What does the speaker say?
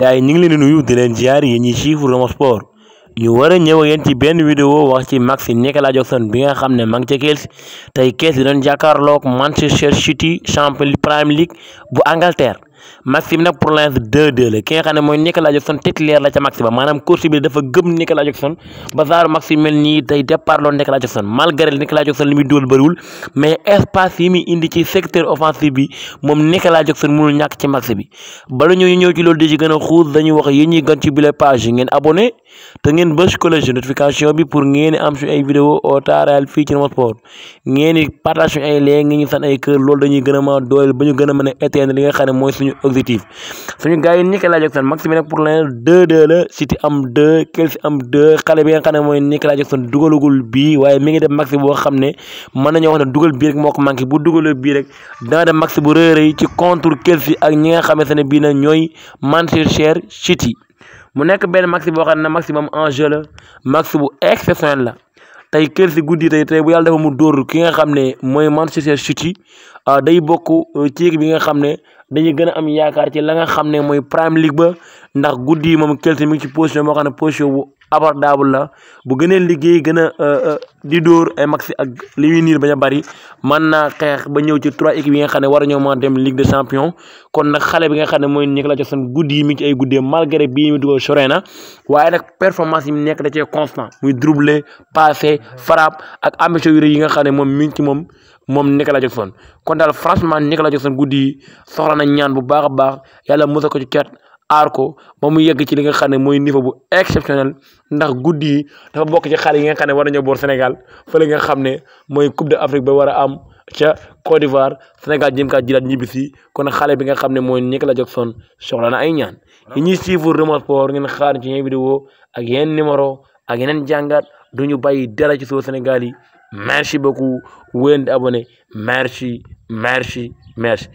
gars yi ñu ngi leen di nuyu di leen ziar yéen ñi suivre Rmo Sport ñu war a ñëw ak ci benn vidéo wax ci match Nicolas Jackson bi nga xam ne ma ngi ca Chelsea tey Chelsea di doon jàkkaarloog Manchester City Champions Premier League bu Angleterre. match bi nag pour l'instant 2-2 la ki nga xam ne mooy Nicolas la ca match maanaam coach bi dafa gëm Nicolas Jackson ba saaru match yi mel nii tey départ loon Nicolas Jackson malgré Nicolas Jackson li muy dóol bëriwul mais espace yi indi ci secteur offensif bi moom Nicolas Jackson mënul ñàkk ci match bi bala ñu ñëw ci loolu di ci gën a xuus dañuy wax yéen gan ci bile page yi ngeen te ngeen bës collège notification suñu objectif suñu gars yi Nicolas Jackson max bi nak pour le 2 2 la City am 2 kelsi am 2 xalé bi nga moy ne mooy Nicolas Jackson dugalugul bi waye mi ngi def max bo xam man nañu nañoo wax ne dugal bi rek moko manki bu dugalee bi rek dana def max bu rëy rëy ci contre kelsi ak ñi nga xamante ne bi na ñoy Manchester cher City mu nek ben max bo xam ne maximum enjeu la max bu exceptionnel la tay kër si guddi tay tey bu yalla dafa mu dor ki nga xam moy Manchester City ah, day bokku euh, ci bi nga xam dañuy gën a am yaakaar ci la nga xam ne mooy prime league ba ndax guddi yi moom Chelsea mi ci position boo xam ne position bu abordable la bu gënee liggéey gën a euh, euh, di dóor ay maxi ak li ñuy niir bañ a bari mën naa xeex ba ñëw ci trois équipes yi nga xam ne war ñoo mën a dem ligue de champion kon na xale bi nga xam ne mooy Nicolas Jackson guddi yi mi ci ay guddee malgré bii mi dugal sore na waaye nag performance yi mu nekk da cee constant muy dribble passé frappe ak ambition yu yi nga xam ne moom mi ngi ci moom moom la Jackson kon daal franchement la Jackson guddi yi soxla na ñaan bu baax a baax yàlla musal ko ci cat aar ko ba mu yegg ci li nga xam ne mooy niveau bu exceptionnel ndax guddi yi dafa bokk ci xale yi nga xam ne war nañoo boor Sénégal fële nga xam ne mooy Coupe d'Afrique ba war a am ca Côte d'Ivoire Sénégal jëm kaa jilaat ñibbisi kon xale bi nga xam ne mooy Nicolas Jackson soxla na ay ñaan yi ah. ñuy suivre Rmo Sport ngeen xaar ci yeneen vidéo ak yeneen numéro ak yeneen jàngat du ñu bàyyi dara ci suuf Sénégal yi merci beaucoup wéen di abonné merci merci merci